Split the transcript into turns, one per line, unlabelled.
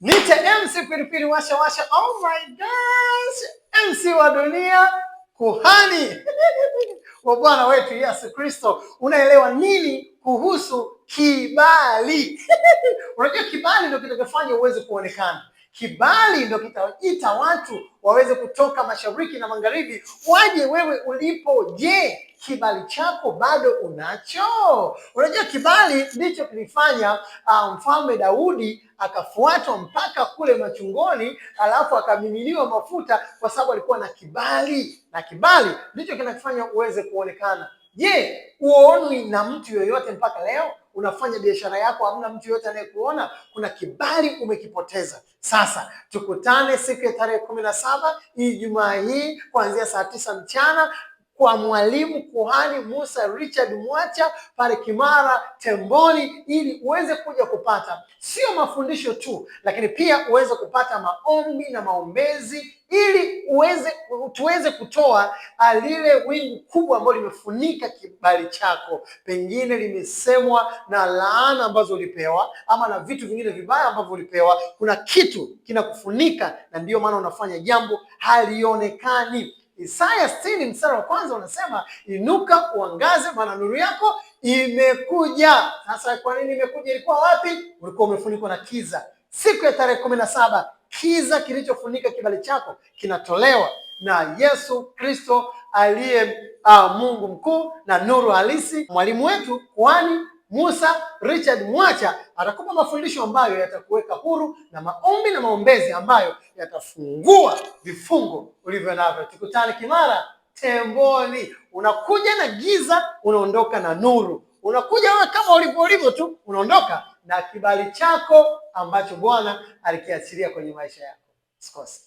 Nite MC Pilipili washa washa, oh my gosh, MC wa dunia, kuhani wa Bwana wetu Yesu Kristo. Unaelewa nini kuhusu kibali? Unajua kibali ndio kitakufanya uweze kuonekana. Kibali ndio kitaita watu waweze kutoka mashariki na magharibi waje wewe ulipo. Je, kibali chako bado unacho. Unajua, kibali ndicho kilifanya uh, mfalme Daudi akafuatwa mpaka kule machungoni, alafu akamiminiwa mafuta kwa sababu alikuwa na kibali, na kibali ndicho kinakifanya uweze kuonekana. Je, uoni na mtu yoyote mpaka leo? Unafanya biashara yako, hamna mtu yoyote anayekuona? Kuna kibali umekipoteza. Sasa tukutane siku ya tarehe kumi na saba hii Ijumaa hii kuanzia saa tisa mchana kwa mwalimu kuhani Musa Richard Mwacha pale Kimara Temboni, ili uweze kuja kupata sio mafundisho tu, lakini pia uweze kupata maombi na maombezi, ili uweze tuweze kutoa ah, lile wingu kubwa ambalo limefunika kibali chako, pengine limesemwa na laana ambazo ulipewa ama na vitu vingine vibaya ambavyo ulipewa. Kuna kitu kinakufunika, na ndiyo maana unafanya jambo halionekani. Isaya sitini mstari wa kwanza unasema inuka, uangaze, maana nuru yako imekuja. Sasa kwa nini imekuja? Ilikuwa wapi? Ulikuwa umefunikwa na kiza. Siku ya tarehe kumi na saba kiza kilichofunika kibali chako kinatolewa na Yesu Kristo aliye uh, Mungu mkuu na nuru halisi, mwalimu wetu, kwani Musa Richard Mwacha atakupa mafundisho ambayo yatakuweka huru na maombi na maombezi ambayo yatafungua vifungo ulivyo navyo. Tukutane Kimara Temboni. Unakuja na giza, unaondoka na nuru. Unakuja wewe kama ulivyo ulivyo tu, unaondoka na kibali chako ambacho Bwana alikiachilia kwenye maisha yako. sikosi